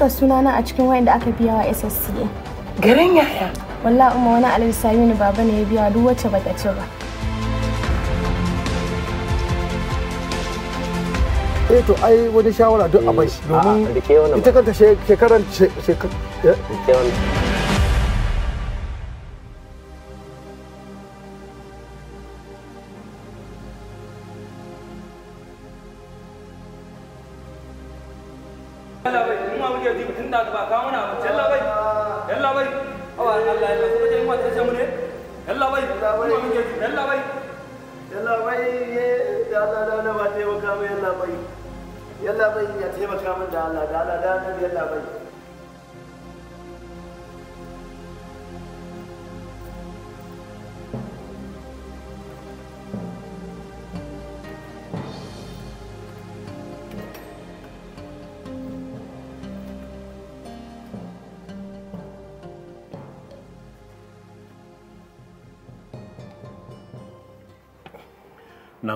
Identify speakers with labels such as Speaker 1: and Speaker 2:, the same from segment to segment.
Speaker 1: saka sunana a cikin wayanda aka biya wa SSCA. Garin yaya? Walla umma wani alhaji Saminu baba ne ya biya duk wacce baka ci ba.
Speaker 2: Eh to ai wani shawara duk a bai domin ita kanta shekaran shekaran eh?
Speaker 3: Ke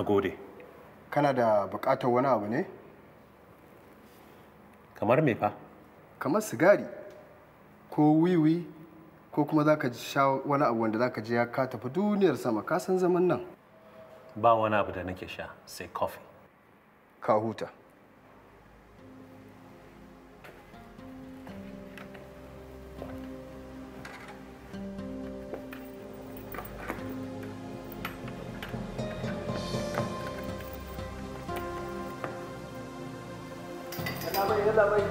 Speaker 4: gode
Speaker 2: kana da buƙatar wani abu ne kamar me fa kamar sigari ko wiwi ko kuma za ka sha wani abu wanda za ka je ya ka tafi duniyar sama ka san zaman nan
Speaker 4: ba wani abu da nake sha sai kofi. ka huta
Speaker 5: yalla bai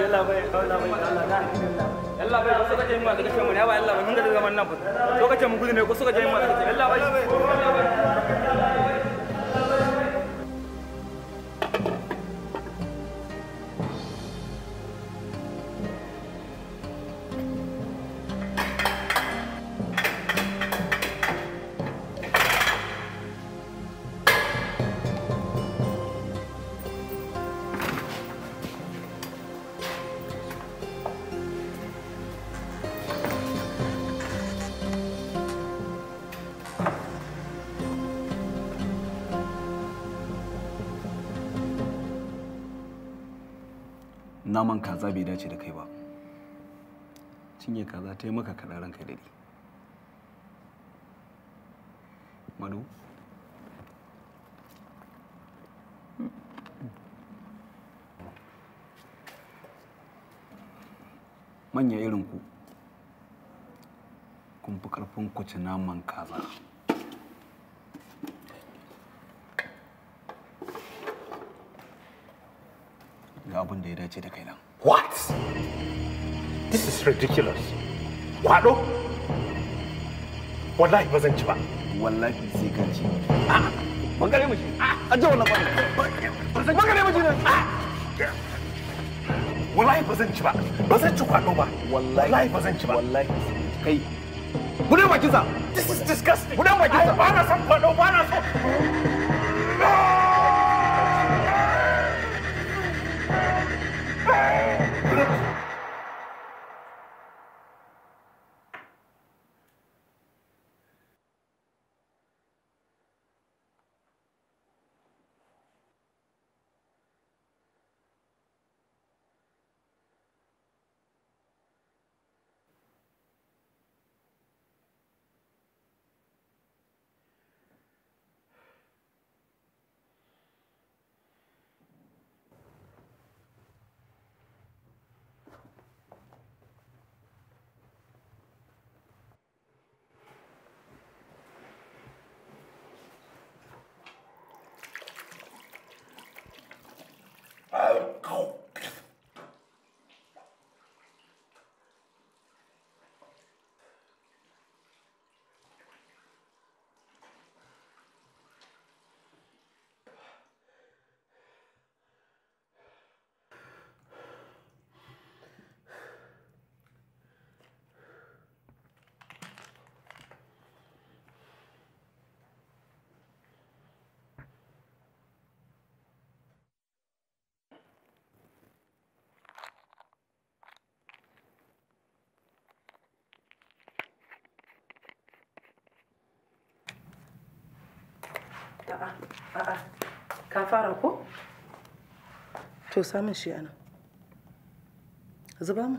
Speaker 5: yalla bai yalla bai yalla na yalla bai suka je mu daga cikin mu ne ba yalla bai mun ga daga wannan fa suka ce mu gudu ne ko suka je mu daga cikin yalla bai naman kaza bai dace da kai ba cinye kaza ta yi maka kaɗan ranka da madu manya irin ku kun fi ƙarfin ku naman kaza da ya dace da kaina. What? This is ridiculous. Kwado? Wallahi ba zan ci ba. Wallahi sai ka ci. A'a, ah, bangare miji. A'a, ah, aje wannan bangare. Bangare miji ne. A'a. Ah! Wallahi ba zan ci ba. Ba zan ci kwado ba. Wallahi ba zan ci ba. Wallahi kai. Gudan bakinsa. This is disgusting. Gudan bakinsa. Ba na son kwado, ba
Speaker 2: na son.
Speaker 6: A'a, ka fara ko? To samun shi ana. Zuba mu.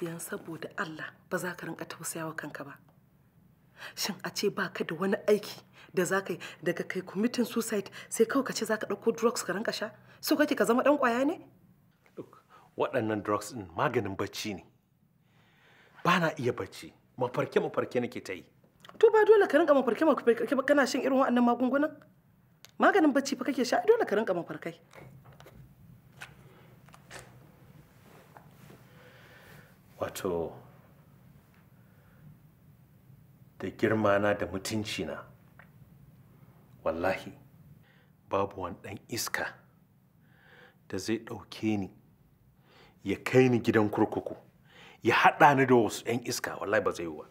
Speaker 6: Yan saboda Allah ba za ka rinka tausayawa kanka ba. Shin a ce ba ka da wani aiki da za ka yi daga kai committing suicide sai kawai ka ce za ka ɗauko drugs ka rinka sha? So kake ka zama ɗan ƙwaya ne?
Speaker 4: waɗannan drugs ɗin maganin bacci ne. Ba na iya bacci. mafarke mafarke nake ta yi
Speaker 6: to ba dole ka rinka mafarke mafarke kana shan irin waɗannan magungunan maganin bacci fa kake sha dole ka rinka mafarkai
Speaker 4: wato da girmana da mutunci na wallahi babu wani ɗan iska da zai ɗauke ni ya kai ni gidan kurkuku ya haɗa ni da wasu 'yan iska wallahi ba zai yi ba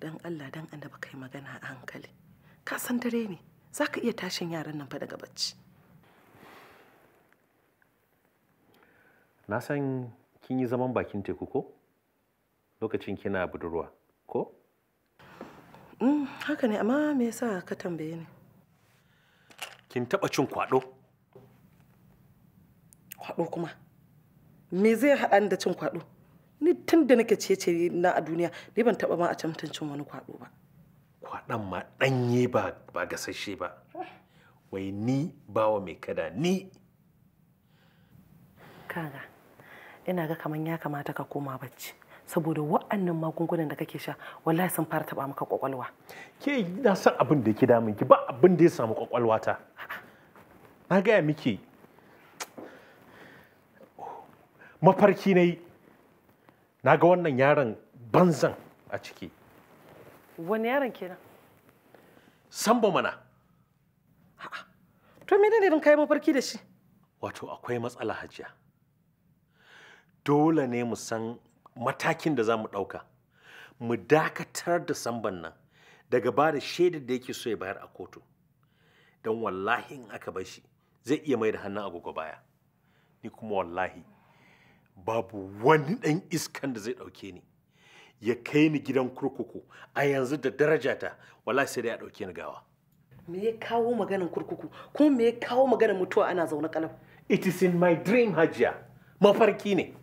Speaker 6: dan Allah dan baka kai magana a hankali ka san dare ne za ka iya tashin yaran nan fa daga bacci
Speaker 4: na san kin yi zaman bakin teku ko lokacin kina budurwa ko
Speaker 6: mm, haka ne amma me yasa ka tambaye ni
Speaker 4: kin taba cin kwado kwado
Speaker 6: kuma me zai haɗa ni da cin kwaɗo ni tun da nake ciye-ciye na a duniya ni ban taɓa ma a can cin wani kwaɗo ba
Speaker 4: kwaɗon ma ɗanye ba ba gasasshe ba wai ni bawa mai kada ni
Speaker 6: kaga ina ga kamar ya kamata ka koma bacci saboda wa'annan magungunan da kake sha wallahi sun fara taba maka kwakwalwa
Speaker 4: ke na san abin da yake damun ki ba abin da ya samu kwakwalwa ta na gaya miki mafarki na yi na ga wannan yaron banzan a ciki
Speaker 6: wani yaron kenan
Speaker 4: samba mana
Speaker 6: to me ne kai mafarki da shi
Speaker 4: wato akwai matsala hajiya dole ne mu san matakin da za mu ɗauka mu dakatar da samban nan daga ba da shaidar da yake so ya bayar a kotu don wallahi in aka bar shi zai iya mai da hannun agogo baya ni kuma wallahi babu wani ɗan iskan da zai ɗauke ni ya kai ni gidan kurkuku a yanzu da darajata wallahi sai dai a ɗauke ni gawa
Speaker 6: me ya kawo maganin kurkuku kuma me ya kawo maganin mutuwa ana zaune kalau
Speaker 4: it is in my dream hajiya mafarki ne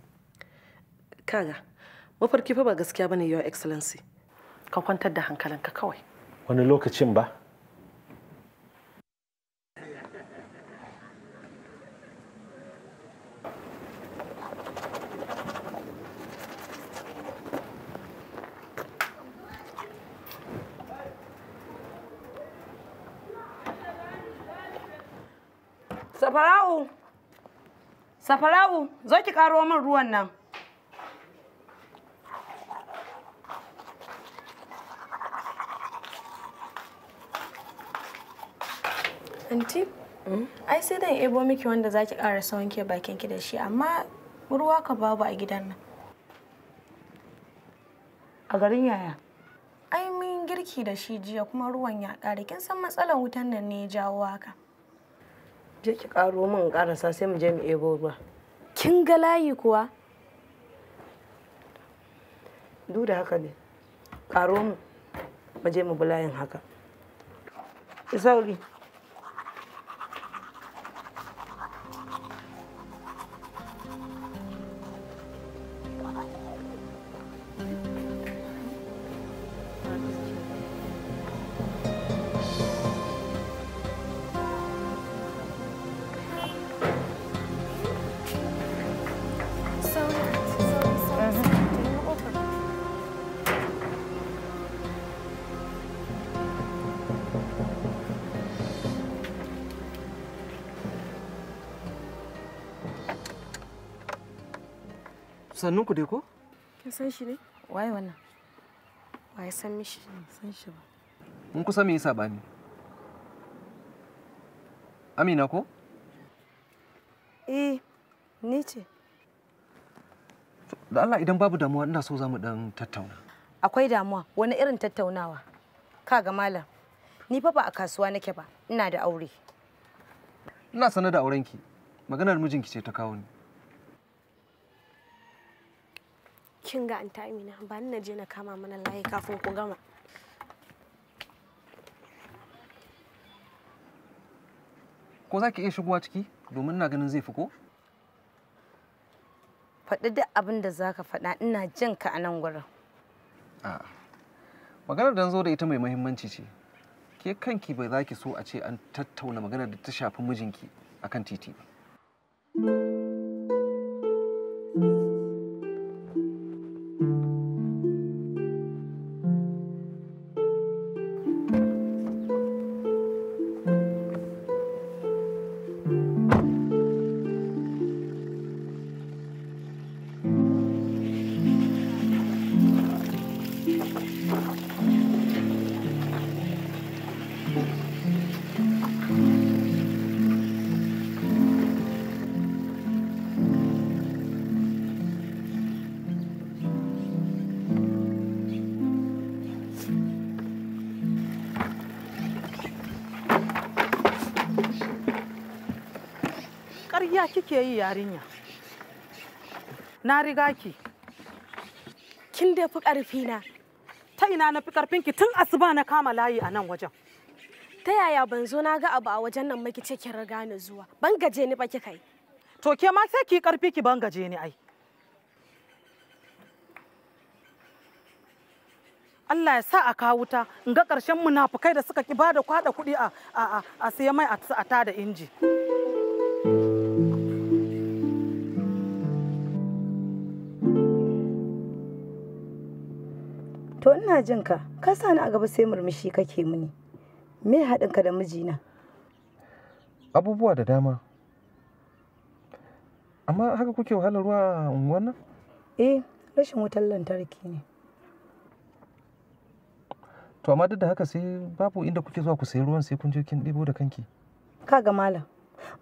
Speaker 6: kaga mafarki fa ba gaskiya bane your excellency ka kwantar da hankalinka kawai
Speaker 4: wani lokacin ba
Speaker 1: Safara'u, zo ki karo min ruwan nan. Anti, ai sai dan ebo miki wanda zaki sa wanke bakin ki da shi, amma ruwa ka babu a gidan nan. A garin yaya? Ai mun girki da shi jiya kuma ruwan ya ƙare. Kin san matsalar wutan nan ne ya jawo haka. je ki karo min karasa sai mu je mu ebo ruwa kin ga layi kuwa duk da haka ne karo mu mu je mu bi layin haka sauri
Speaker 7: sannun ku dai ko
Speaker 1: kin san shi ne waye wannan waye san mishi san shi ba
Speaker 7: mun kusa me yasa bani. amina ko
Speaker 1: eh ni ce
Speaker 7: da Allah idan babu damuwa ina so za mu dan tattauna
Speaker 1: akwai damuwa wani irin tattaunawa kaga malam ni fa ba a kasuwa nake ba ina da aure
Speaker 7: ina sanar da aurenki maganar mijinki ce ta kawo ni
Speaker 1: kin ga anta amina ba na je na kama mana layi kafin ku gama
Speaker 7: ko za ki iya shigowa ciki domin na ganin zai fi ko
Speaker 1: faɗi duk abin da za ka faɗa ina jin ka a nan gurin
Speaker 7: a'a maganar da zo da ita mai muhimmanci ce ke kanki ba za ki so a ce an tattauna maganar da ta shafi mijinki akan titi ba.
Speaker 8: ya kike yi yarinya na riga ki kin da fi ƙarfi na ta ina na fi ƙarfin ki tun asuba na kama layi a nan wajen
Speaker 1: ta yaya ban zo na ga abu a wajen nan maki ce kin riga ni zuwa ban gaje ni ba kika yi
Speaker 8: to ke ma sai ki ƙarfi ki ban gaje ni ai Allah ya sa a kawo wuta in ga ƙarshen munafukai da suka ki bada kwada kuɗi a a a mai a ta da inji.
Speaker 1: ina jin ka ka sa ni a gaba sai murmushi kake mini me haɗin ka da mijina
Speaker 7: abubuwa da dama amma haka kuke wahalar ruwa a unguwar nan eh
Speaker 1: rashin wutar lantarki ne
Speaker 7: to amma duk da haka sai babu inda kuke zuwa ku sayi ruwan sai kun je kin ɗibo da kanki
Speaker 1: kaga malam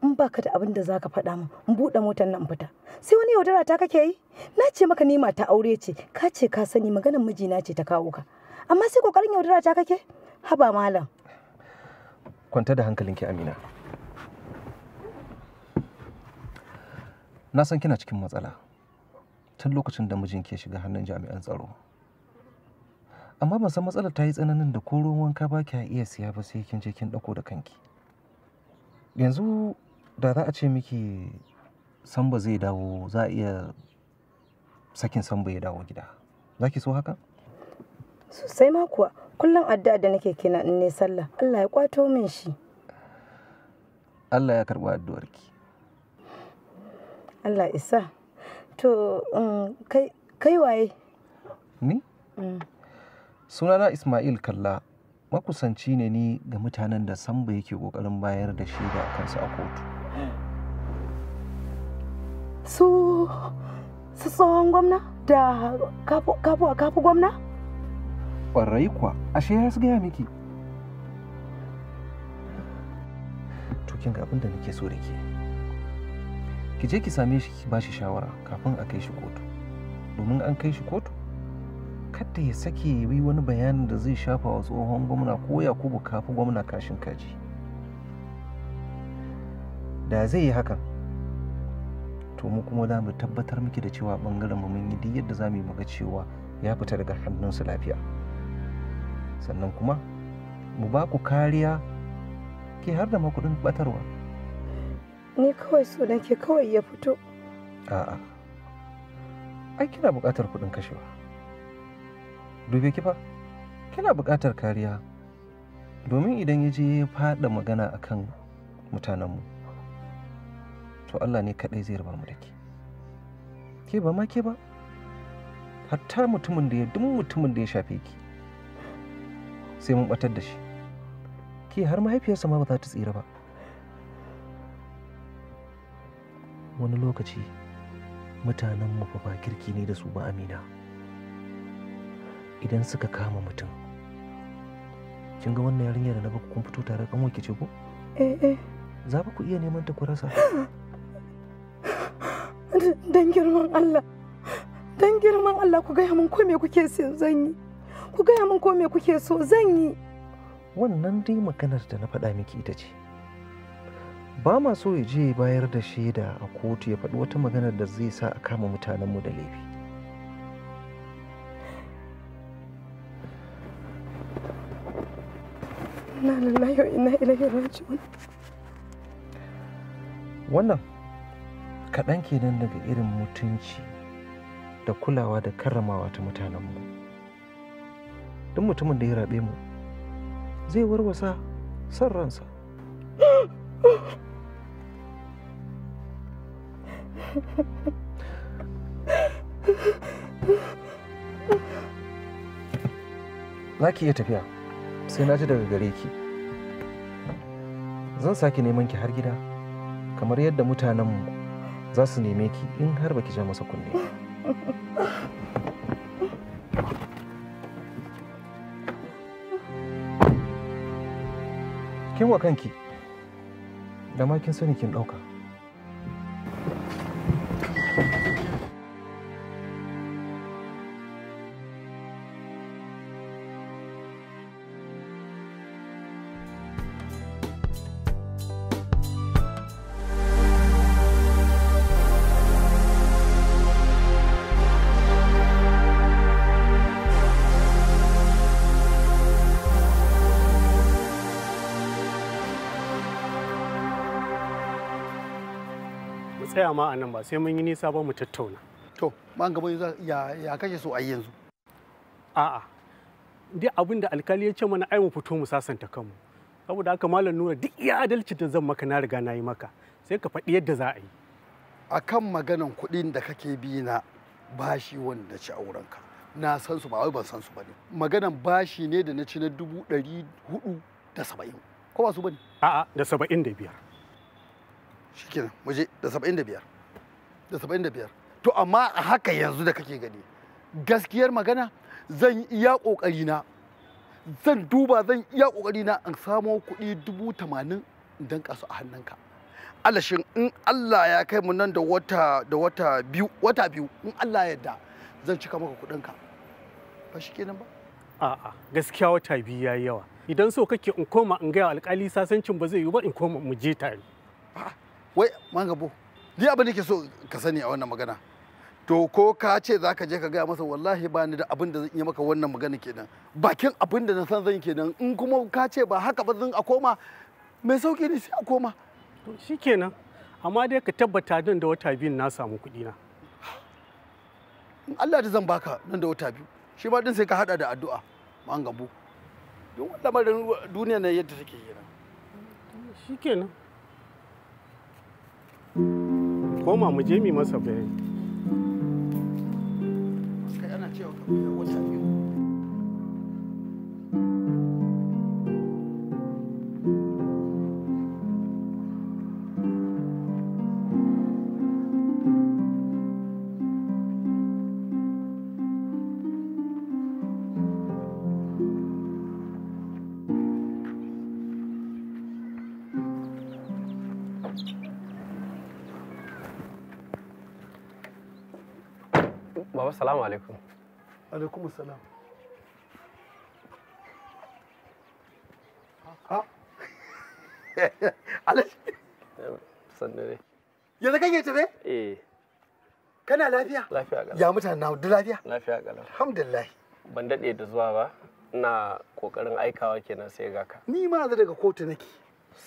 Speaker 1: in baka da abin da zaka faɗa min in buɗe motar nan fita sai wani yaudara ta kake yi na ce maka ni mata aure ce ka ce ka sani maganar mijina ce ta kawo ka amma sai kokarin yaudara ta kake haba malam
Speaker 7: kwanta da hankalinki amina na san kina cikin matsala tun lokacin da mijinki ya shiga hannun jami'an tsaro amma ban san matsalar ta yi tsananin da ko ruwan wanka ba kya iya siya ba sai kin je kin dauko da kanki Yanzu da za a ce miki Samba zai dawo za a iya sakin Samba ya dawo gida. Za ki so haka?
Speaker 1: Sosai ma kuwa kullum addu'a da nake kina in ne sallah Allah ya kwato min shi.
Speaker 7: Allah ya karɓi addu'arki.
Speaker 1: Allah isa. To um, kai waye? Ni? Mm.
Speaker 7: Sunana Ismail Kalla makusanci ne ni ga mutanen da samba yake kokarin bayar da shi da kansu a kotu
Speaker 1: su su tsohon gwamna da a kafu gwamna
Speaker 7: ƙwarai kuwa ashe ya su gaya miki tukin ga abinda nake so da ke ki je ki same shi ki ba shi shawara kafin a kai shi kotu domin an kai shi kotu kada ya sake yi wani bayanin da zai shafa wa tsohon gwamna ko yakubu gwamna kashin kaji da zai yi hakan to mu kuma za mu tabbatar miki da cewa bangaren mu mun yi duk yadda za mu yi muga cewa ya fita daga hannunsu lafiya sannan kuma mu ba ku kariya ke har da makudin batarwa
Speaker 1: ni kawai so nake kawai ya fito
Speaker 7: a'a ai kina bukatar kuɗin kashewa dube ki fa kina buƙatar kariya domin idan ya je ya faɗa magana akan mutanenmu to Allah ne kaɗai zai raba mu da ke ba ma ke ba hatta mutumin da ya duk mutumin da ya shafe ki sai mun batar da shi ke har mahaifiyarsa ma ba za ta tsira ba wani lokaci mutanenmu fa ba kirki ne da su ba amina idan suka kama mutum kin ga wannan yarinyar da na baku kun fito tare kan wake ce ko eh eh za ku iya neman ta ku rasa
Speaker 1: dan girman Allah dan girman Allah ku gaya min ko me kuke so zan yi ku gaya min ko me kuke so zan yi
Speaker 7: wannan dai maganar da na faɗa miki ita ce ba ma so ya je bayar da shaida a kotu ya faɗi wata maganar da zai sa a kama mutanenmu da laifi Inna
Speaker 1: lillahi wa inna ilaihi raji'un.
Speaker 7: Wannan kaɗan kenan daga irin mutunci da kulawa da karramawa ta mutanenmu. Duk mutumin da ya raɓe mu zai warwasa son ransa. Za ki iya tafiya. sai na ji daga gare ki zan sake neman ki har gida kamar yadda mutanenmu za su neme ki in har baki ja masa kunne kin wa kanki da ma kin sani kin ɗauka
Speaker 2: tsaya ma a nan ba sai mun yi nisa ba mu tattauna. To, ban gaba ya ya kashe su a yanzu? A'a. Duk abin da alkali ya ce mana ai mu fito mu sasanta kanmu. Saboda haka malam nura duk iya adalci da zan maka na riga na yi maka. Sai ka faɗi yadda za a yi. A kan maganan kuɗin da kake bi na bashi wanda ci aurenka. Na san su ba wai ban san su ba ne. Maganan bashi ne da na ci na dubu ɗari hudu da saba'in. Ko ba su ba ne?
Speaker 9: A'a da saba'in da biyar. shikenan mu je
Speaker 2: da 75 da 75 to amma a haka yanzu da kake gani gaskiyar magana zan iya kokari na zan duba zan iya kokari na in samo kuɗi dubu tamanin don kasu a hannunka alashin in Allah ya kai mu nan da wata da wata biyu wata biyu in Allah ya yarda zan cika maka ka. ba shi kenan ba a'a gaskiya wata biyu yayi yawa idan so kake in koma in gaya alƙali sasancin ba zai yi ba in koma mu je tare wai gabo ni abin da ke so ka sani a wannan magana to ko ka ce za ka je ka gaya masa wallahi ba ni da abin da zan yi maka wannan magana kenan bakin abin da na san zan kenan in kuma ka ce ba haka ba zan a koma mai sauki ne sai a koma to kenan amma dai ka tabbata nan da wata biyu na samu kuɗi na Allah da zan baka nan da wata biyu shi ma din sai ka hada da addu'a man gabo don lamarin duniya na yadda take kenan kenan koma mu je mi masa bayani. assalamu alaikum alaikum assalam yanzu
Speaker 3: yace ne? eh
Speaker 2: kana lafiya? lafiya ga. ya mutane na duk lafiya? lafiya ga. alhamdulillah
Speaker 3: ban daɗe da zuwa ba ina ƙoƙarin aikawa kenan sai ga ka
Speaker 2: ni ma daga kotu nake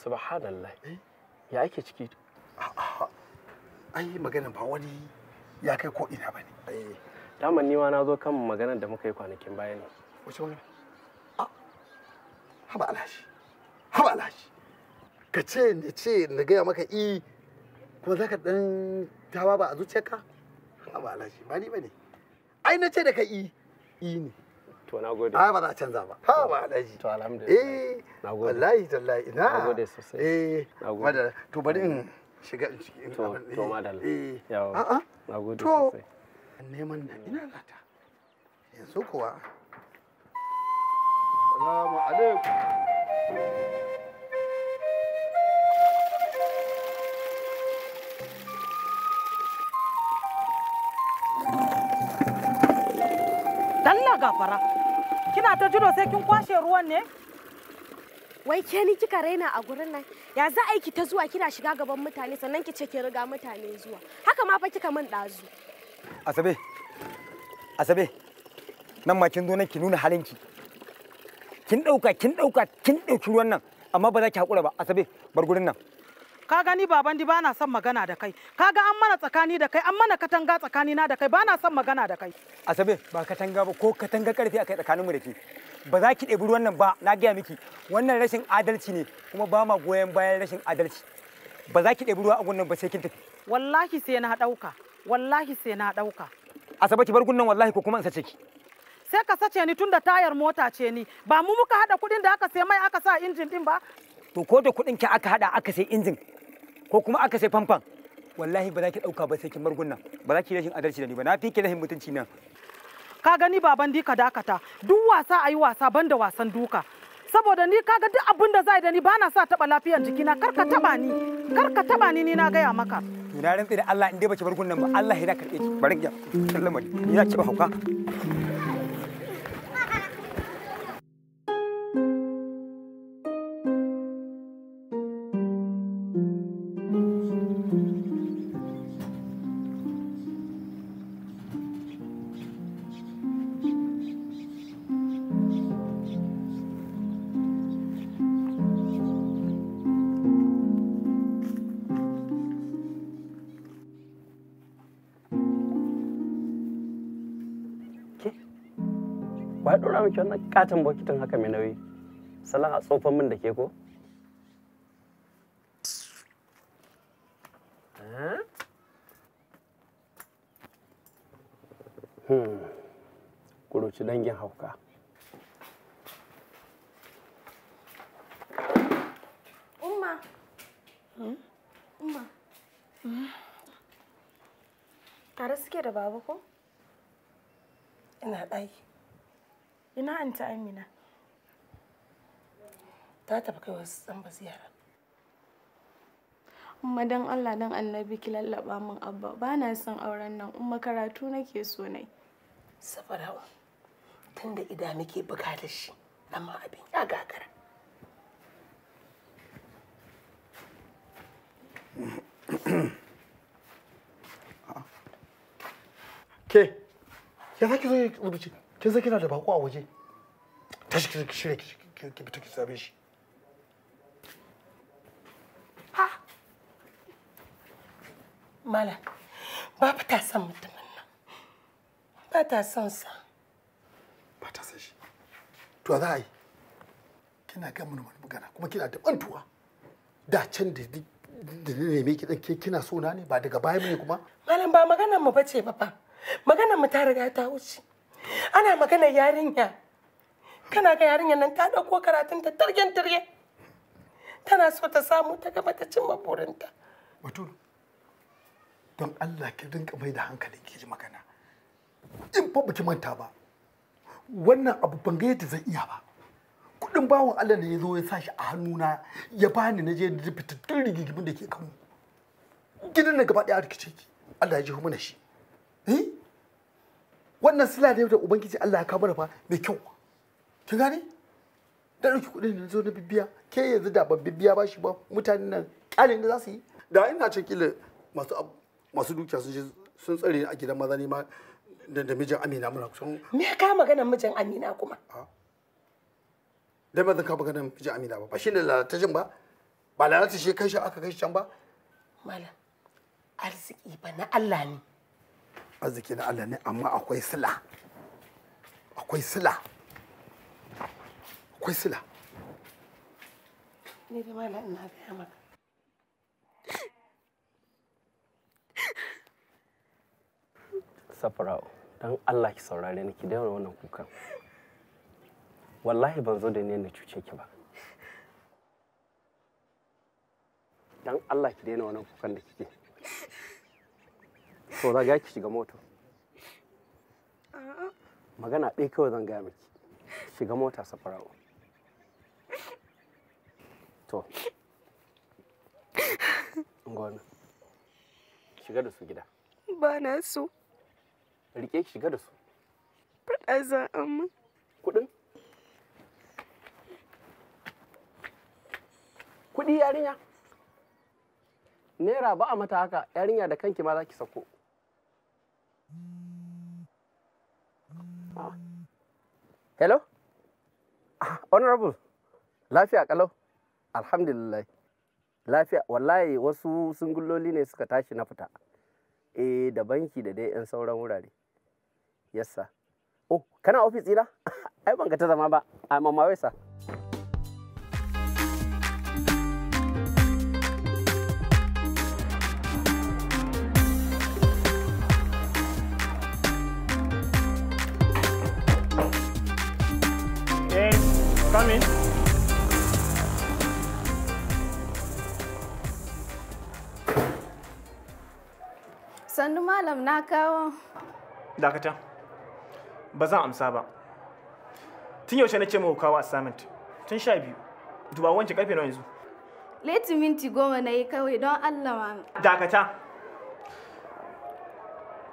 Speaker 2: subhanallah eh? ya ake ciki
Speaker 3: ai magana ba wani
Speaker 2: ya kai ko ina bane eh.
Speaker 3: daman ni ma na zo kan maganar da muka yi kwanakin baya ne
Speaker 2: wace wani a ah, haba alhaji haba alhaji ka ce ni ce na gaya maka i e, kuma za ka ɗan tawa ba a zuciyarka haba alhaji ba ni bane. ai na ce da ka i e, i e ne to na gode a ah, ba za a canza ba Haba alhaji to alhamdulillah eh na gode wallahi tallahi ina na gode sosai eh na gode to bari in shiga in ciki. to to madalla eh, eh.
Speaker 6: yawa a'a ah, na gode sosai
Speaker 2: kan neman na ina ta yanzu kuwa salamu alaikum
Speaker 1: gafara kina ta jiro sai kin kwashe ruwan ne wai ke ni kika raina a gurin nan ya za aiki ta zuwa kina shiga gaban mutane sannan ki ce ki riga mutane zuwa haka ma fa kika min ɗazu
Speaker 5: Asabe, Asabe, nan ma kin zo nan ki nuna halinki. Kin ɗauka, kin ɗauka, kin ɗauki ruwan nan, amma ba za ki haƙura ba, Asabe, bar gurin nan.
Speaker 8: Ka gani baban di bana son magana da kai. Ka ga an mana tsakani da kai, an mana katanga tsakani na da kai, bana son magana da kai.
Speaker 5: Asabe, ba katanga ba ko katanga karfi akai tsakaninmu da ke. Ba za ki ɗebi ruwan nan ba, na gaya miki. Wannan rashin adalci ne, kuma ba ma goyon bayan rashin adalci. Ba za ki ɗebi ruwa a nan ba sai kin tafi.
Speaker 8: Wallahi sai na ɗauka. wallahi sai na ɗauka.
Speaker 5: saba ki bar gunnan wallahi ko kuma in sace ki.
Speaker 8: Sai ka sace ni tunda tayar mota ce ni ba mu muka hada kuɗin da aka sai mai aka sa injin din
Speaker 5: ba. To ko da kuɗin ki aka hada aka sai injin ko kuma aka sai famfan wallahi ba za ki ɗauka ba sai ki bar gunnan ba za ki rashin adalci da ni ba na fi ki rashin mutunci nan. Ka gani
Speaker 8: baban dika dakata duk wasa ayi wasa banda wasan duka saboda ni kaga duk abin da zai da ni bana sa taba lafiyar jikina kar ka taba ni kar ka taba ni ni na gaya maka
Speaker 5: to na rantsi da Allah in dai baki bar gunnan ba Allah ya karbe ki bari ki ni ya ci ba hauka
Speaker 3: Ba dora miki wannan katon bokitin haka mai nauyi. Salon a tsofan min da ke ko? Hmm. Kuruci dangin hauka.
Speaker 1: Umma. Umma. Tare suke da baba ko? Ina ɗaki. ina ta amina ta tafi
Speaker 6: kai wasu ba ziyara
Speaker 1: amma dan Allah dan annabi ki lallaba min abba ba na son auren nan umma karatu nake so nai
Speaker 6: safarawa tunda ida muke bukatar shi amma abin ya gagara
Speaker 2: ke ya zaki zo rubuce kin san kina da bako a waje tashi ki shirya ki fita ki sabe shi
Speaker 6: ha mala ba ta son mutumin nan ba ta son sa
Speaker 2: ba ta san shi to za a yi kina kan mun magana kuma kina da bantuwa da can da
Speaker 6: da
Speaker 2: ne me ki ke kina so na ne ba daga baya ne kuma
Speaker 6: malam ba magana mu bace ba fa maganar mu ta riga ta wuce ana magana yarinya kana ga yarinyar nan ta ɗauko karatun ta targen targe tana so ta samu ta gaba ta cimma burinta batul
Speaker 2: don Allah ki rinka mai da hankalin ki ji magana in fa baki manta ba wannan abu ban ga yadda zan iya ba kudin bawon Allah ne ya zo ya sa shi a hannuna ya bani na je da fitattun rigigimin da ke kanmu gidan na gaba ɗaya rikice ki Allah ya ji mana shi eh wannan sila da da ubangiji Allah ya kawo fa mai kyau kin gani da ɗauki kuɗin da zo na bibiya ke yanzu da ban bibiya ba shi ba mutanen nan ƙalin da za su yi da ina cin kila masu masu dukiya sun je sun tsare a gidan maza ne ma da mijin Amina muna kusan
Speaker 6: me ka magana mijin Amina kuma
Speaker 2: da mazan zan ka magana mijin Amina ba ba shi ne lalatacin ba ba lalata shi kai shi aka kai shi can ba
Speaker 6: malam arziki ba na Allah ne
Speaker 2: arziki na Allah ne amma akwai sila akwai sila akwai sila
Speaker 6: ne da mala ina gaya maka
Speaker 3: safara'u dan Allah ki saurare ni ki daura wannan kukan wallahi ban zo da ne na cuce ki ba Dan Allah ki daina wannan kukan da kike to za ki shiga mota magana ɗaya kawai zan gaya miki shiga mota safara'u to gona shiga da su gida
Speaker 1: ba na so
Speaker 3: rike ki shiga da su
Speaker 1: faɗa
Speaker 6: za a mun kuɗin
Speaker 3: kuɗi yarinya naira ba a mata haka yarinya da kanki ma za ki sako Hello? Ah, honorable, lafiya kalau? Alhamdulillah. Lafiya, wallahi wasu gulloli ne suka tashi na fita. Eh, da banki da dai 'yan sauran wurare. Yes, sir. Oh, kana ofis ɗina Ai, ban ga ta zama ba. I'm on my
Speaker 1: sannu malam na kawo
Speaker 10: dakata ba zan amsa ba tun yaushe na ce mu kawo assignment tun sha biyu duba wancan karfe na yanzu
Speaker 1: leti minti goma na yi kawai don allah ma.
Speaker 10: dakata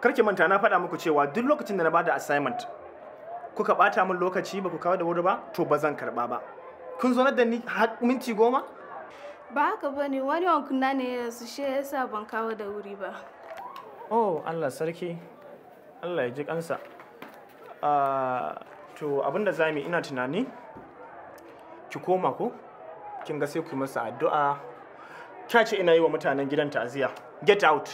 Speaker 10: karki manta na faɗa muku cewa duk lokacin da na bada assignment kuka ɓata min lokaci ba ku kawo da wuri ba to ba zan karɓa ba kun zo da ni har minti goma
Speaker 1: ba haka ba ne wani wankunna ne ya su shi sa ban kawo da wuri ba
Speaker 10: oh allah sarki allah ya ji kansa ah, to abinda za mu ina tunani ki koma ko kin ga sai ku masa addu'a kya ce ina yi wa mutanen gidan ta'aziya get out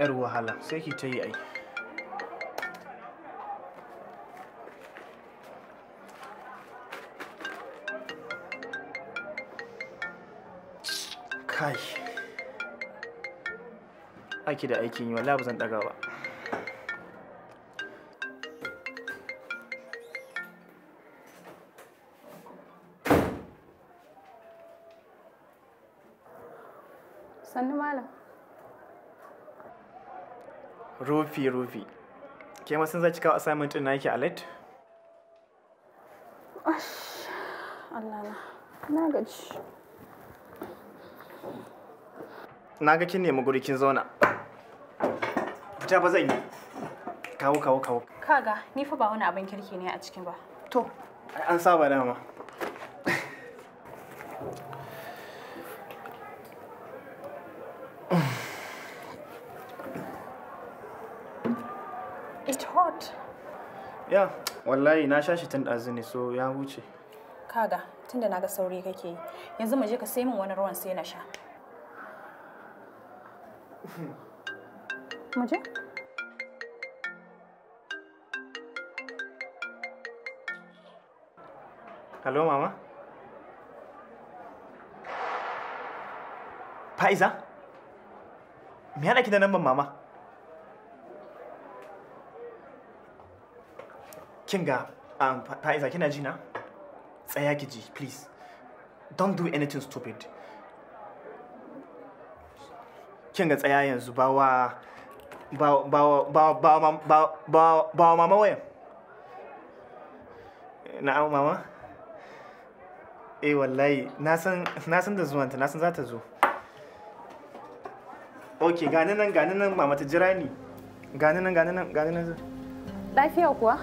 Speaker 10: yar wahala sai ki ta yi aiki. kai aiki da aikin yi wallahi ba zan daga ba sannu mala rufi rufi ke ma sun zaci kawo assignment din naki a late
Speaker 8: Allah na na gaji
Speaker 10: na ga kin nemi guri kin zauna fita ba zan yi kawo kawo kawo
Speaker 8: kaga ni fa ba wani abin kirki ne a cikin ba
Speaker 10: to an saba dama
Speaker 6: It's hot.
Speaker 10: ya wallahi na sha shi tun ɗazu ne so ya huce.
Speaker 8: Kaga, tunda na ga sauri kake yi, yanzu mu je ka sai min wani ruwan sai na sha. मुझे
Speaker 10: hello मामा Faiza? Me haɗa ki da namban mama? Kin ga um, Faiza kina ji na? Tsaya ki ji, please. Don't do anything stupid. kin ga tsaya yanzu ba wa ba wa mama wayan na'am mama eh wallahi na san da zuwanta na san za ta zo ok gani nan gani nan mama ta jira ni gani nan gani nan gani nan
Speaker 8: lafiya kuwa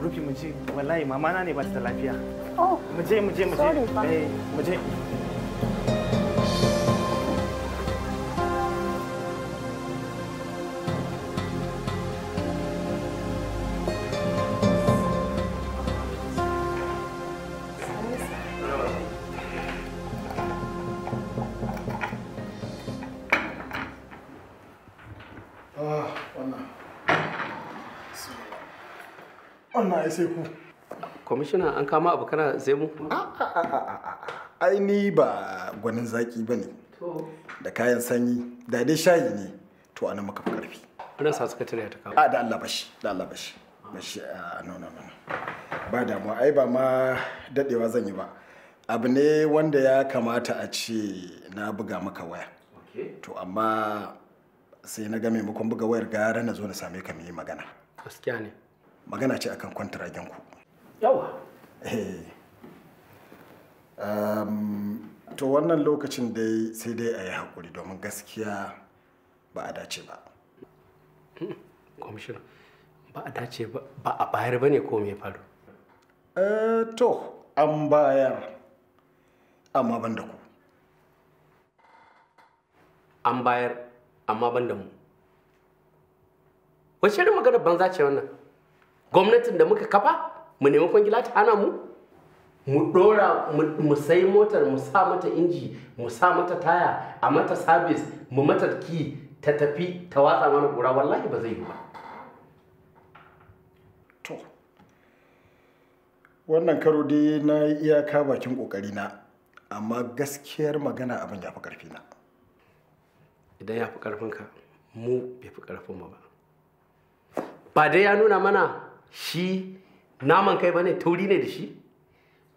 Speaker 10: rufi mu je wallahi mama na ne ba ta da lafiya oh mu je mu je mu je eh, mu je
Speaker 9: ai sai ku
Speaker 3: kwamishina an kama abu kana zai mu ah, ah, ah, ai ni ba gwanin zaki ba ne
Speaker 9: da kayan sanyi da dai shayi ne to ana maka karfi
Speaker 3: ana sa tare
Speaker 9: ta kawo a da Allah bashi da Allah bashi bashi no no no ba damuwa ai ba ma dadewa zan yi ba abu ne wanda ya kamata a ce na buga maka waya to amma sai na ga maimakon buga wayar gara na zo na same ka mu yi magana gaskiya ne magana ce akan kwantaragen ku yawa eh. to wannan lokacin dai sai dai a yi haƙuri domin gaskiya ba a dace ba
Speaker 3: kwamishina ba a dace ba a bayar ba ne ko me faru eh, to an bayar amma ban da ku an bayar amma ban da mu wacce irin magana banza ce wannan gwamnatin da muka kafa mu nemi kwangila ta hana mu mu dora mu sai motar mu sa mata inji mu sa mata taya a mata sabis mu mata ki ta tafi ta watsa mana kura wallahi ba zai yi ba
Speaker 9: to wannan karo dai na iyaka bakin kokari na amma gaskiyar magana abin ya fi karfi na
Speaker 3: idan ya fi karfinka mu bai fi karfin ba ba dai ya nuna mana shi naman kai bane tauri ne da shi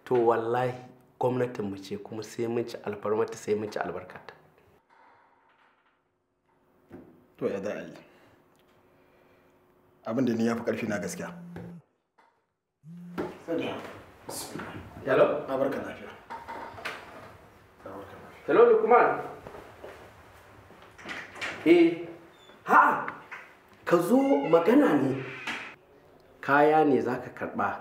Speaker 3: to wallahi gwamnatin mu ce kuma sai mun ci alfarmata sai mun ci albarkata
Speaker 9: to ya da ali abin da ni ya fi na gaskiya
Speaker 3: Yalo? Hello Lukman. Eh, ha, ka zo magana ne. kaya ne za ka karɓa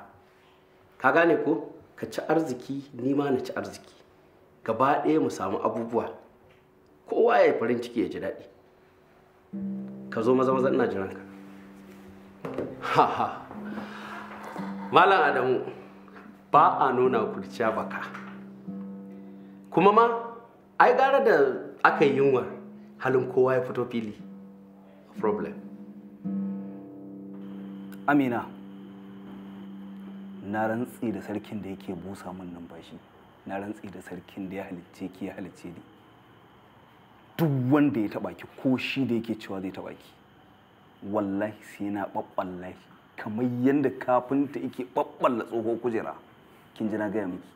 Speaker 3: ka gane ko ka ci arziki nima na ci arziki gaba ɗaya mu samu abubuwa kowa ya yi farin ciki ya ji daɗi ka zo maza maza ina jiran ka malam adamu ba a nuna kurciya baka kuma ma ai gara da aka yi yunwa halin kowa ya fito fili problem
Speaker 5: amina na rantsi da sarkin da yake busa min numfashi na rantsi da sarkin da ya halicce ki ya halicce ni duk wanda ya taba ki ko shi da yake cewa zai taba ki wallahi sai na babballahi kamar yadda kafinta yake babballa tsoho kujera kin ji na gaya miki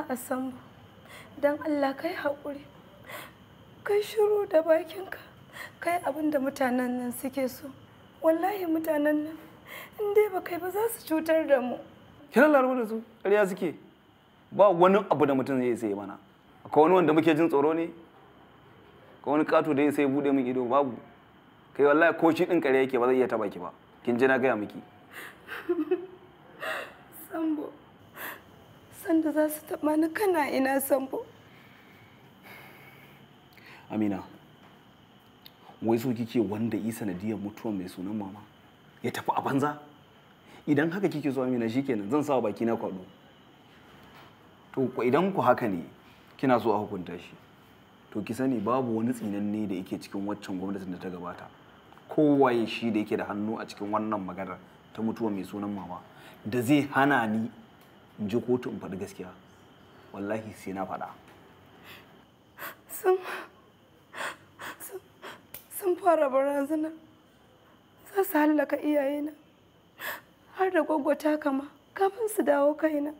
Speaker 1: a'a sambo don allah kai hakuri kai shiru da bakinka kai abin da mutanen nan suke so wallahi mutanen nan in dai ba kai ba za su cutar da mu
Speaker 5: kina laraba da su ƙarya suke ba wani abu da mutum zai sai mana akwai wani wanda muke jin tsoro ne Ka wani kato da ya sai bude min ido babu kai wallahi ko shi din ƙarya yake ba zai iya taba ki ba kin ji na gaya miki
Speaker 1: sambo sanda za su taba ni kana ina sambo
Speaker 5: amina wai so kike wanda yi sanadiyar mutuwar mai sunan mama ya tafi a banza idan haka kike so amina kenan zan sa baki na kwado to idan ku haka ne kina so a hukunta shi to ki sani babu wani tsinanne da yake cikin waccan gwamnatin da ta gabata kowaye shi da yake da hannu a cikin wannan maganar ta mutuwa mai sunan mama da zai hana ni in ji kotu in faɗi gaskiya wallahi sai na faɗa
Speaker 1: sun sun fara barazana za su hallaka iyayena har da gwaggwata kama kafin su dawo kaina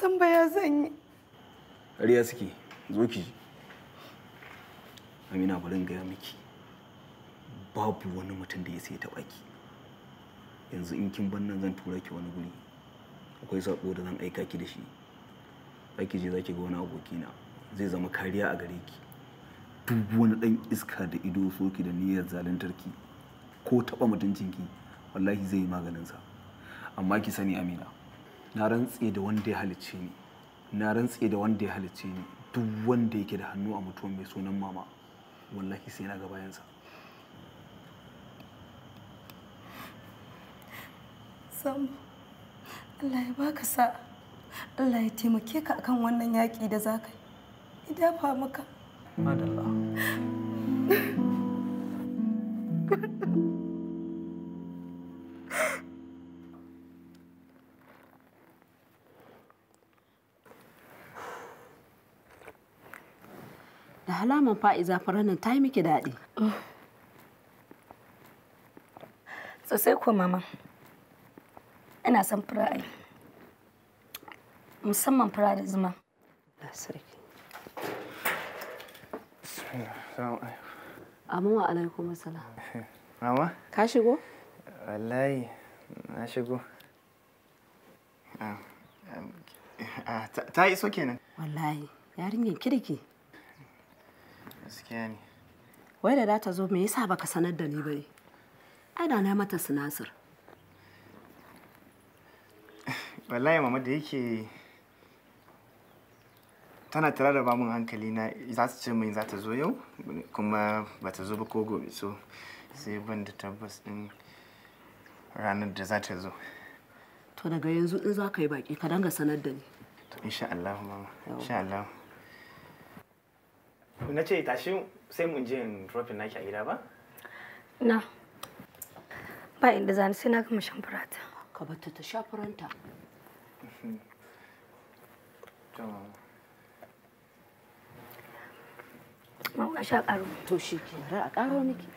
Speaker 1: san ba ya zan yi
Speaker 5: ƙarya suke zo ki amina bari in gaya miki babu wani mutum da ya sai taɓa ki yanzu in kin ban nan zan tura ki wani guri akwai saƙo da zan aika ki da shi za ki je za ki ga wani abokina zai zama kariya a gare ki duk wani dan iska da ido soki da niyyar zaluntar ko taba mutuncinki wallahi zai yi maganin sa amma ki sani amina na rantse da wanda ya halicce ni na rantse da wanda ya halicce ni duk wanda yake da hannu a mutum mai sunan mama wallahi sai na ga bayan sa
Speaker 1: sam Allah ya baka sa Allah ya taimake ka akan wannan yaƙi da za ka yi. Idafa maka. da halaman fa'iza faranin ta yi miki daɗi. Sosai ko mama, ina son fura'ai, musamman fura da zuma. sarki. Amin wa alaikum salam. Mama? Ka shigo?
Speaker 10: Wallahi, na shigo. Ah, um, ah, ta iso kenan.
Speaker 1: Wallahi, yarinyar kirki. Gaskiya ne. Wai da ta zo me yasa baka sanar da ni bai? Ai da na mata sinasir.
Speaker 10: Wallahi mama da yake tana da min hankali na za ta ce min za ta zo yau kuma ba ta zo ba ko gobe so sai ban da tabbas din ranar da za ta zo to daga yanzu din za ka yi baki ka danga sanar da ni to insha Allah mama insha Allah na ce tashi sai mun je in rofin naki a gida ba
Speaker 1: na ba inda ni sai na gama shan furata ka bata ta sha furanta mhm. Mama a sha ƙaro. To shi ke a ƙaro miki.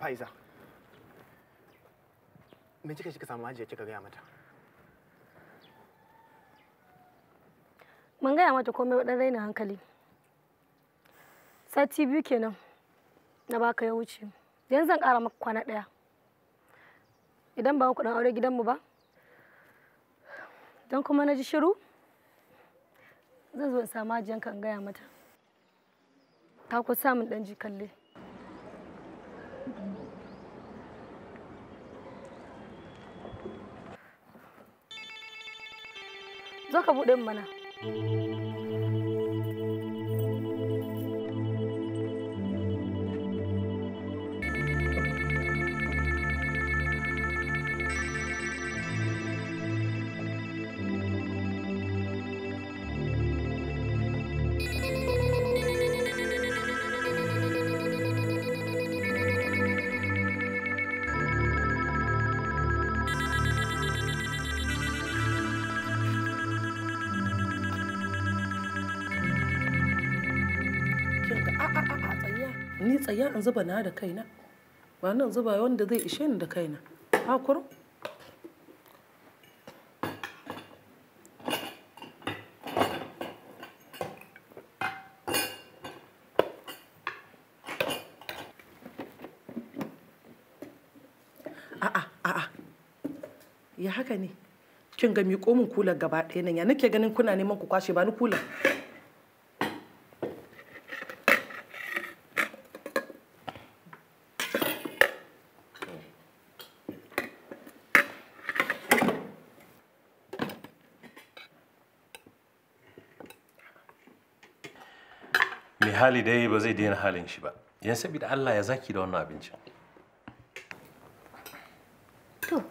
Speaker 10: Faiza, me kika kika samu ajiya kika gaya mata?
Speaker 1: Mun gaya mata komai wadan raina hankali. Sati biyu kenan na baka ya wuce. yanzu zan kara maka kwana ɗaya idan ba kuɗin aure mu ba don kuma na ji shiru zan zo in samu ajiyanka in gaya mata ta ku samun ɗan ji kalle zo ka buɗe mana
Speaker 6: tsaya in zuba na da kaina ba nan zuba wanda zai ishe ni da kaina hakurin ya haka ne kin ga miƙo min kular gaba ɗaya nan ya nake ganin kuna neman ku kwashe ba ni kular
Speaker 4: hali dai ba zai daina halin shi ba yan sabida Allah ya zaki da wannan abincin
Speaker 1: to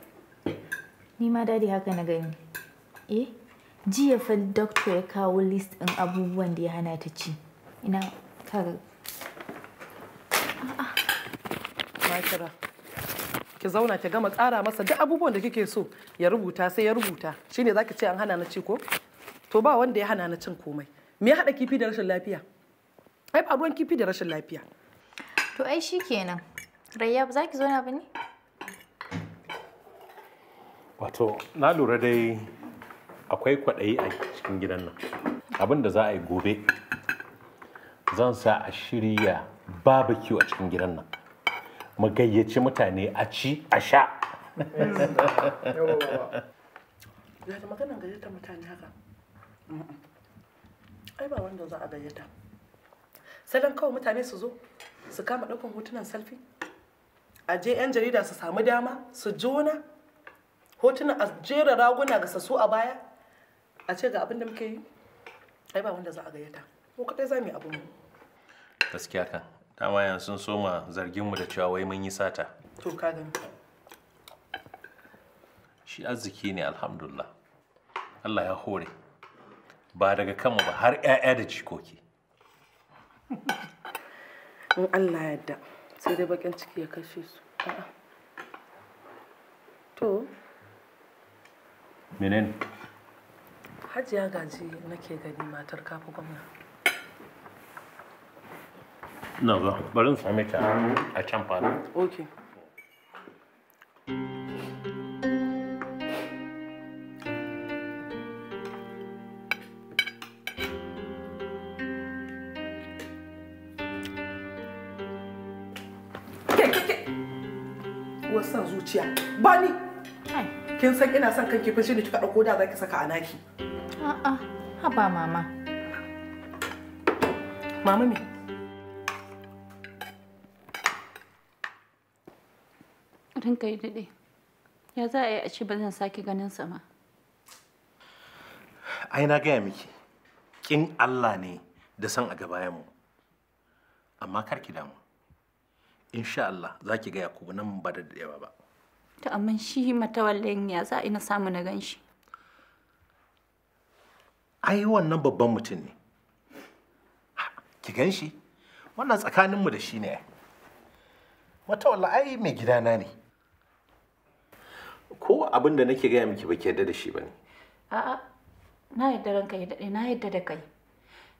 Speaker 1: ni ma dadi haka na gani eh jiya fa doctor ya kawo list ɗin abubuwan da ya hana ta ci ina kaga
Speaker 6: Makira, ki zauna ki gama tsara masa duk abubuwan da kike so ya rubuta sai ya rubuta shine zaki ce an hana na ci ko to ba wanda ya hana na cin komai me ya haɗa kifi da rashin lafiya ai ba ruwan kifi da rashin lafiya
Speaker 10: to ai shi kenan rayya ba za ki zo na bane
Speaker 4: wato na lura dai akwai kwaɗayi a cikin gidan nan abin da za a yi gobe zan sa a shirya barbecue a cikin gidan nan mu gayyaci mutane a ci a sha
Speaker 10: ya da maganar gayyata mutane haka
Speaker 6: ai ba wanda za a gayyata sai dan kawai mutane su zo su kama ɗaukan hotunan selfie a je 'yan jarida su samu dama su jona hotunan a jera raguna ga sasu a baya a ce ga abin da muke yi ai ba wanda za a gayyata mu kadai za mu yi abin mu
Speaker 4: gaskiya kan dama yanzu sun soma zargin mu da cewa wai mun yi sata to ka gani shi arziki ne alhamdulillah Allah ya hore ba daga kanmu ba har 'ya'ya da jikoki
Speaker 6: in allah yadda sai dai bakin ciki ya kashe su to menen hajiya gaji nake gani matar kafa gwamna
Speaker 4: na ba bari same ta a can fara
Speaker 6: okay zuciya ba ni kin san ina son kanki fa ne kika dauko da zaki saka a naki a'a haba mama mama me
Speaker 1: yi daɗe ya za a yi a ce ba zan sake ganin sa ma
Speaker 4: ai na gaya miki kin Allah ne da san a gabayan mu amma kar ki damu insha Allah zaki ki ga Yakubu nan ba da daɗewa ba
Speaker 1: To amma shi matawallin ya za ina samu na gan shi.
Speaker 4: Ai wannan babban mutum ne. Ki gan shi? Wannan tsakaninmu da shi ne. Matawalla ai mai gidana ne. Ko abin da nake gaya miki baki yarda da shi ba ne.
Speaker 1: A'a, na yarda ranka ya daɗe, na yarda da kai.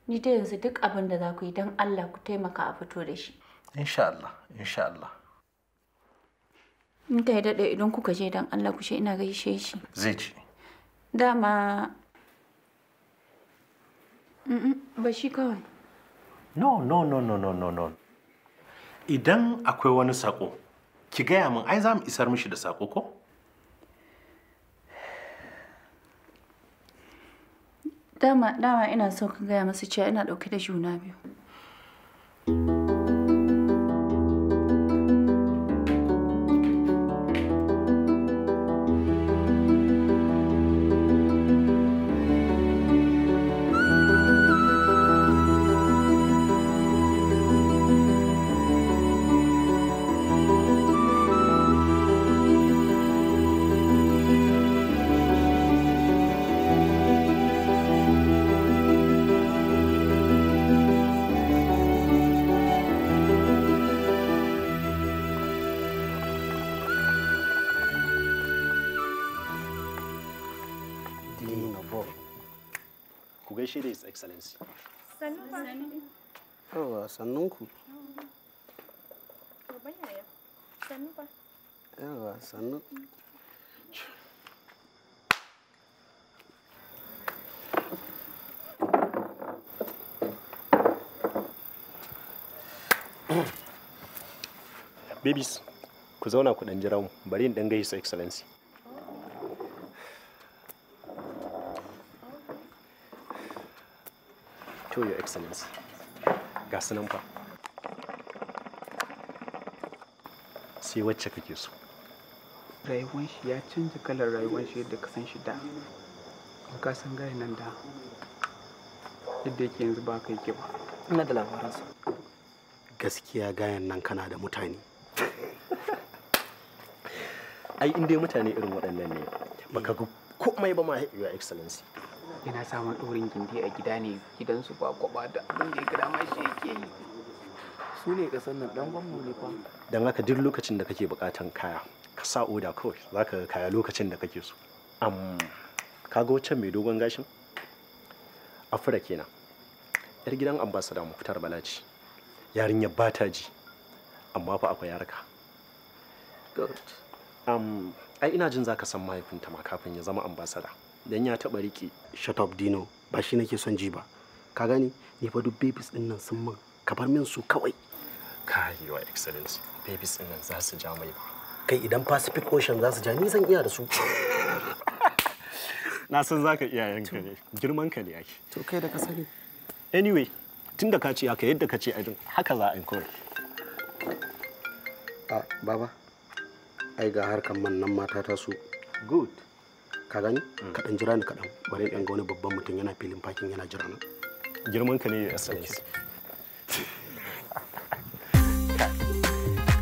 Speaker 1: Ni dai yanzu duk abin da za ku yi don Allah ku taimaka a fito da shi.
Speaker 4: Insha Allah, insha Allah.
Speaker 1: In ta yi daɗe idan kuka je don Allah ku ce ina gaishe shi. Zai ce. Dama. Ba shi kawai.
Speaker 4: No, no, no, no, no, no, no. Idan akwai wani sako, ki gaya min ai za mu isar mishi da sako ko?
Speaker 1: Dama, dama ina so ka gaya masu cewa ina ɗauke da juna biyu.
Speaker 9: gaishe da Excellency. Yawa sannun ku.
Speaker 3: Yawa sannu.
Speaker 9: Babies, ku zauna ku ɗan jira mu, bari in ɗan gaisa Excellency. show your excellence. ga sunan fa sai wacce kake so
Speaker 10: rayuwar shi ya canza kalar rayuwar shi yadda ka san shi da ka san gaya nan da
Speaker 3: yadda yake yanzu ba kai ke ba
Speaker 6: ina da labaransa
Speaker 3: gaskiya gayan
Speaker 9: nan kana da mutane ai inda mutane irin waɗannan ne baka ga komai ba ma your excellency yana samun ɗorin gindi a
Speaker 5: gida ne gidansu ba kwaba da abin da ya gida ma shi yake yi su ne
Speaker 3: kasan nan dan gwamnu ne fa
Speaker 9: dan haka duk lokacin da kake bukatan kaya ka sa oda kawai za ka kaya lokacin da kake so am ka ga waccan mai dogon gashin afira kenan yar gidan ambasada Muftar balaci yarinya ba ta ji amma fa akwai yarka good ai ina jin za ka san mahaifinta ma kafin ya zama ambasada dan ya taba rike shut up dino ba shi nake son ji ba ka gani ni fa duk babies din nan sun min ka bar min su kawai kai your excellency babies din nan za su ja mai ba kai idan pacific ocean za su ja ni zan iya da su na san zaka yanka ne girman ka ne yake to kai da ka sani anyway tunda ka ce haka yadda ka ce aidin haka za a yi kawai a ah, baba
Speaker 3: ai ga harkan man nan mata ta su
Speaker 9: good ka gani mm. ka dan jira ni kaɗan bari in ga wani babban mutum yana filin fakin yana jira na girman ka ne ya sauke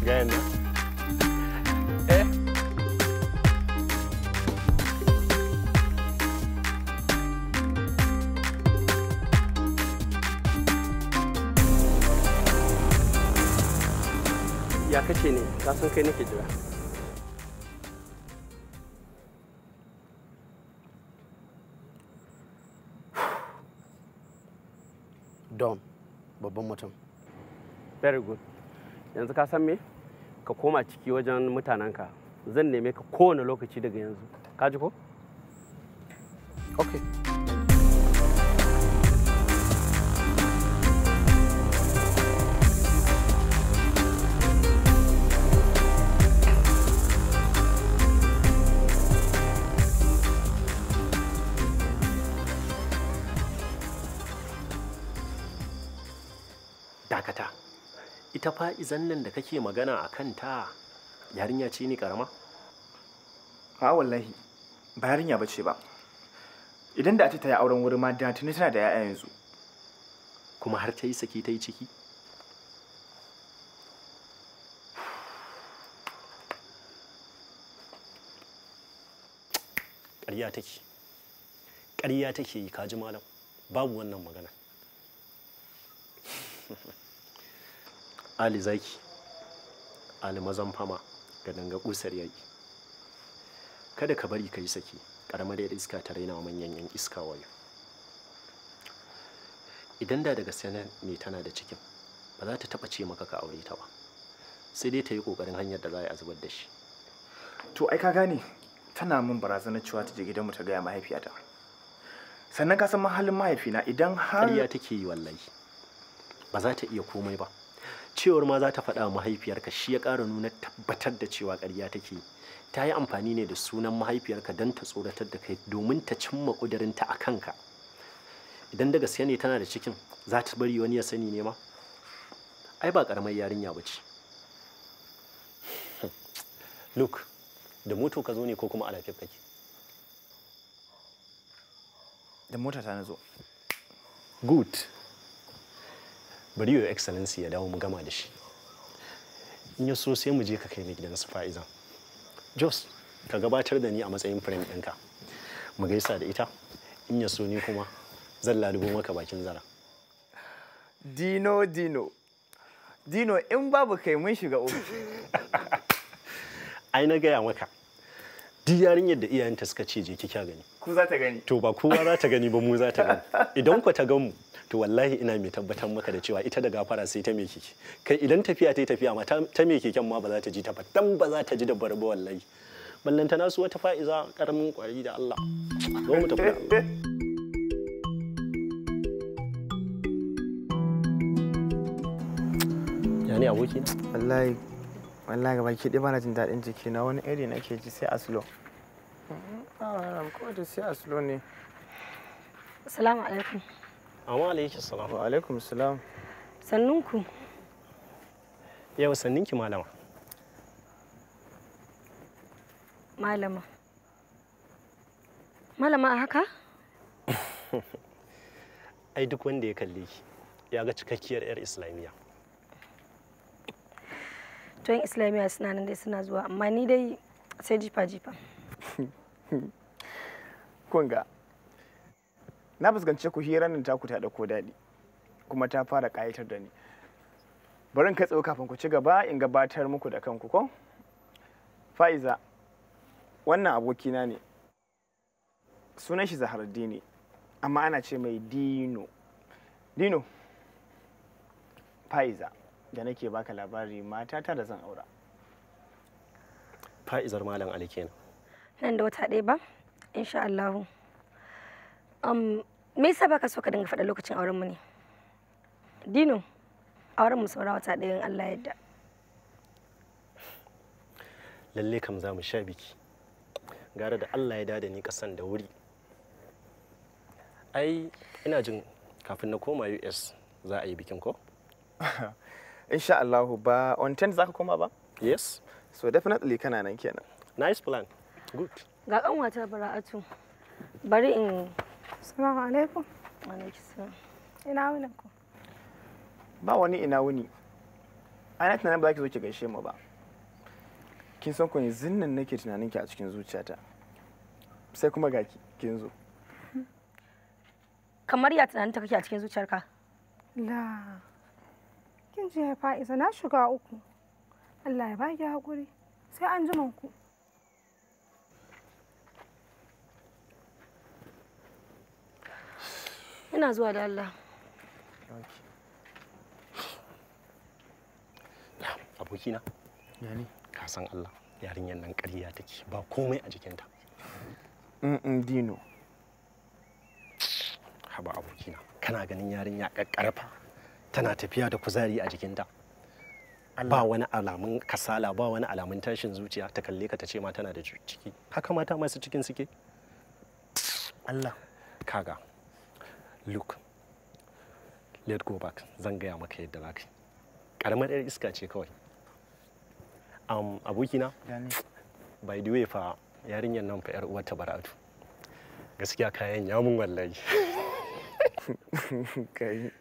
Speaker 9: ga eh?
Speaker 3: ya kace ne ka san kai nake jira don babban mutum very good yanzu ka san me ka koma ciki wajen mutanen ka zan neme ka kowane lokaci daga yanzu ka ji ko okay
Speaker 9: ita fa'izan nan da kake magana a kanta yarinya ce ni karama a
Speaker 10: wallahi ba yarinya ba ce ba idan da ta yi auren wuri ma da tuni tana da ya'ya yanzu kuma har ta yi saki ta yi ciki
Speaker 9: ƙarya take ƙarya take yi kaji malam babu wannan magana ali zaki ali mazan fama ga danga kusar yaki kada ka bari ka yi saki karamar yar iska ta raina wa manyan yan iska wayo idan da daga sanar ne tana da cikin ba za ta taba ce maka ka aure ta ba
Speaker 10: sai dai ta yi kokarin hanyar da za a zubar da shi to ai ka gane tana min barazanar cewa ta je gidanmu ta gaya mahaifiyata sannan ka san mahalin mahaifina
Speaker 9: idan har ya take yi wallahi ba za ta iya komai ba cewar ma za ta faɗa mahaifiyarka shi ya ƙara nuna tabbatar da cewa ƙarya take ta yi amfani ne da sunan mahaifiyarka don ta tsoratar da kai domin ta cimma ƙudurinta a kanka idan da gaske ne tana da cikin za ta bari wani ya sani ne ma ai ba ƙaramar yarinya ba ce da moto ka zo ne ko kuma a lafiyar kake da mota ta na zo good bari yo excellency ya dawo mu gama da shi in ya so sai mu je ka kai ni gidan su fa'iza jos ka gabatar da ni a matsayin friend ɗinka mu gaisa da ita in ya so ni kuma zan lalubo maka bakin zara
Speaker 10: dino dino dino in babu kai mun shiga ofis ai na gaya maka duk
Speaker 9: yarinyar da iyayenta suka ce je kika gani ku za ta gani to ba kowa za ta gani ba mu za ta gani idan ku ta gan mu to wallahi ina mai tabbatar maka da cewa ita da gafara sai ta mai keke kai idan tafiya ta yi tafiya ma ta mai keken ma ba za ta ji ta ba dan ba za ta ji da barba wallahi ballanta nasu wata fa'iza karamin kwari da Allah zo mu tafi Allah
Speaker 10: ya ne aboki na wallahi wallahi gaba ki ba na jin daɗin jiki na wani iri nake ji sai slow mm-hmm. ah, a ko da sai slow ne assalamu alaikum Amma alaikum salam. Wa alaikum salam.
Speaker 1: Sannunku.
Speaker 9: Yau sanninki malama.
Speaker 1: Malama. Malama a haka?
Speaker 9: Ai duk wanda ya kalle ki ya ga cikakkiyar 'yar Islamiyya.
Speaker 1: Tuwon Islamiyya suna nan dai suna zuwa, amma ni dai sai jifa-jifa.
Speaker 10: Kunga. na fuskanci ku hira nan taku ta dauko daɗi kuma ta fara kayatar da ni bari ka tsawo kafin ku ci gaba in gabatar muku da kanku ko fa'iza wannan abokina ne sunan shi zahardini amma ana ce mai dino dino fa'iza da nake baka labari mata ta da zan aura
Speaker 9: fa'izar malam ali kenan
Speaker 10: nan
Speaker 1: da wata ɗaya ba insha Allahu Um, me yasa baka so ka dinga faɗa lokacin auren mu ne? Dino, auren mu saura wata ɗayan Allah yadda.
Speaker 9: Lalle kam za mu sha biki. Gara da Allah ya dada ni kasan da wuri. Ai, ina jin
Speaker 10: kafin na koma US za a yi bikin ko? Insha Allah ba on 10 za ka koma ba? Yes. So definitely kana nan kenan. Nice plan. Good.
Speaker 1: Ga wata Bara'atu. Bari in Assalamu alaikum.
Speaker 10: Alaikum Ina wunin ku? Ba wani ina wuni. Ana tunanin ba za ki zo ki gaishe mu ba. Kin san ku ne zinnin nake tunanin ki a cikin zuciyata. Sai kuma ga ki kin zo.
Speaker 1: Kamar ya tunanin ta kake a cikin zuciyarka? La. Kin ji ya fa'iza na shiga uku. Allah ya baki hakuri. Sai an ji ku. ina zuwa da Allah
Speaker 9: abokina ya ne ka san Allah yarinyar nan ƙarya take ba komai a jikinta mm dino haba abokina kana ganin yarinya ƙarƙarfa tana tafiya da kuzari a jikinta ba wani alamun kasala ba wani alamun tashin zuciya ta kalle ka ta ce ma tana da ciki haka mata masu cikin suke Allah kaga Luke let go back zan gaya maka yadda za ka yi karamar yar iska ce kawai um, abokina by the way fa yarinyar nan fa yar uwarta bara'atu gaskiya kayan ya mun wallahi
Speaker 10: kai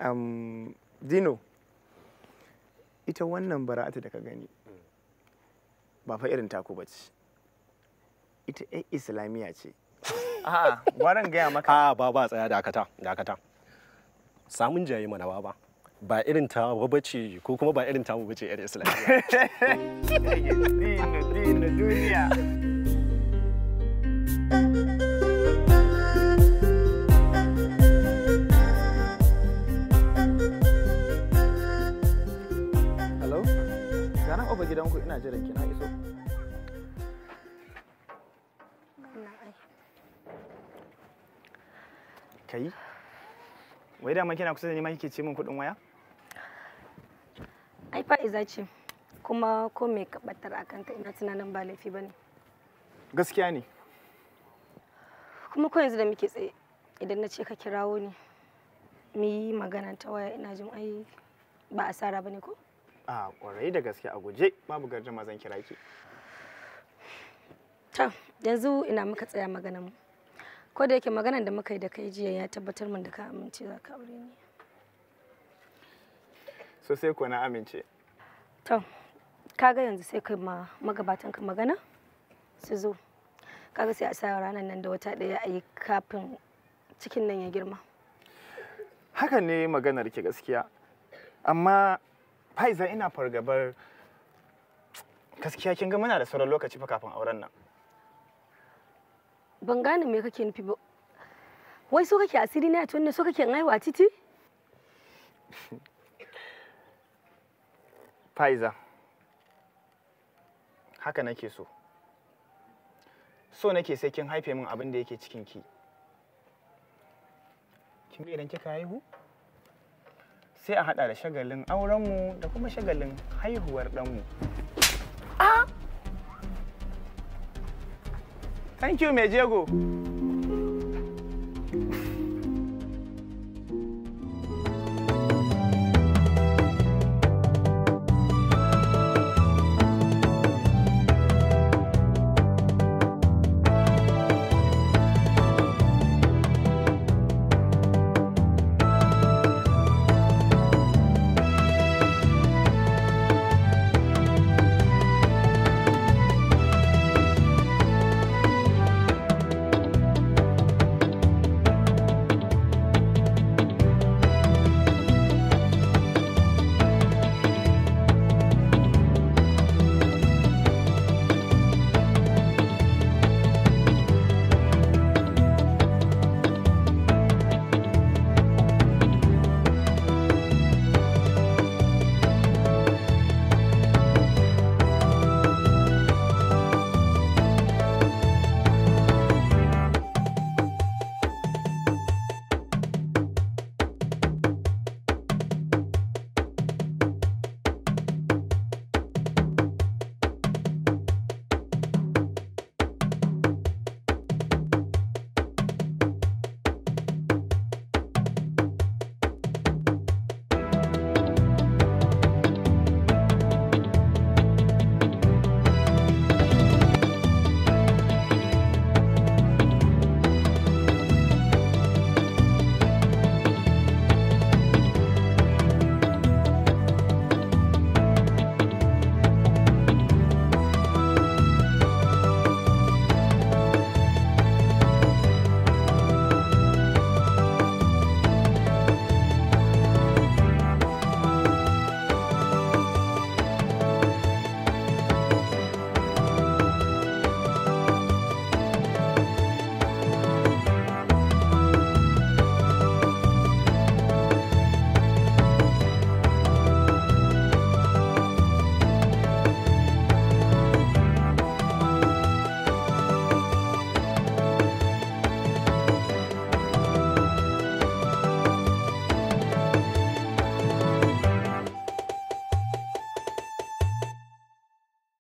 Speaker 10: um, dino ita wannan bara'atu da ka gani ba fa irin taku ba ce ita 'yan islamiyya ce a'a "Gwaran
Speaker 9: gaya maka a'a ah, ba ba tsaya dakata dakata samun jayi mana ba ba ba irin ta bace ko kuma ba irin ta bace yar
Speaker 10: islamiyya dina duniya Hello? Ganan gidanku ina jiran kina iso. kai wai dama kina kusa da ni ma kike ce min kuɗin waya
Speaker 1: ai fa'iza ce kuma ko mai kabatar a ta ina tunanin ba laifi bane gaskiya ne kuma ko yanzu da muke tsaye idan na ce ka kirawo ni mu yi magana ta waya ina jin ai ba asara bane ko
Speaker 10: a kwarai da gaske a guje babu gardama zan kira ki
Speaker 1: ta yanzu ina muka tsaya maganar mu ko da yake maganar da muka yi da kai jiya ya tabbatar min da ka amince za ka aure ni
Speaker 10: so sai ko na amince
Speaker 1: to kaga yanzu sai kai ma magabatan ka magana su zo kaga sai a sa ranar nan da wata daya ayi yi kafin cikin nan ya girma
Speaker 10: haka ne maganar ki gaskiya amma faiza ina fargabar gaskiya kin ga muna da sauran lokaci fa kafin auren nan
Speaker 1: ban gane me kake nufi ba wai so kake asiri na tunne so kake aiwa titi
Speaker 10: Faiza haka nake so so nake sai kin haife min abin da yake cikin ki kin ga idan kika haihu sai a hada da shagalin aurenmu da kuma shagalin haihuwar ɗanmu. mu Thank you, Diego.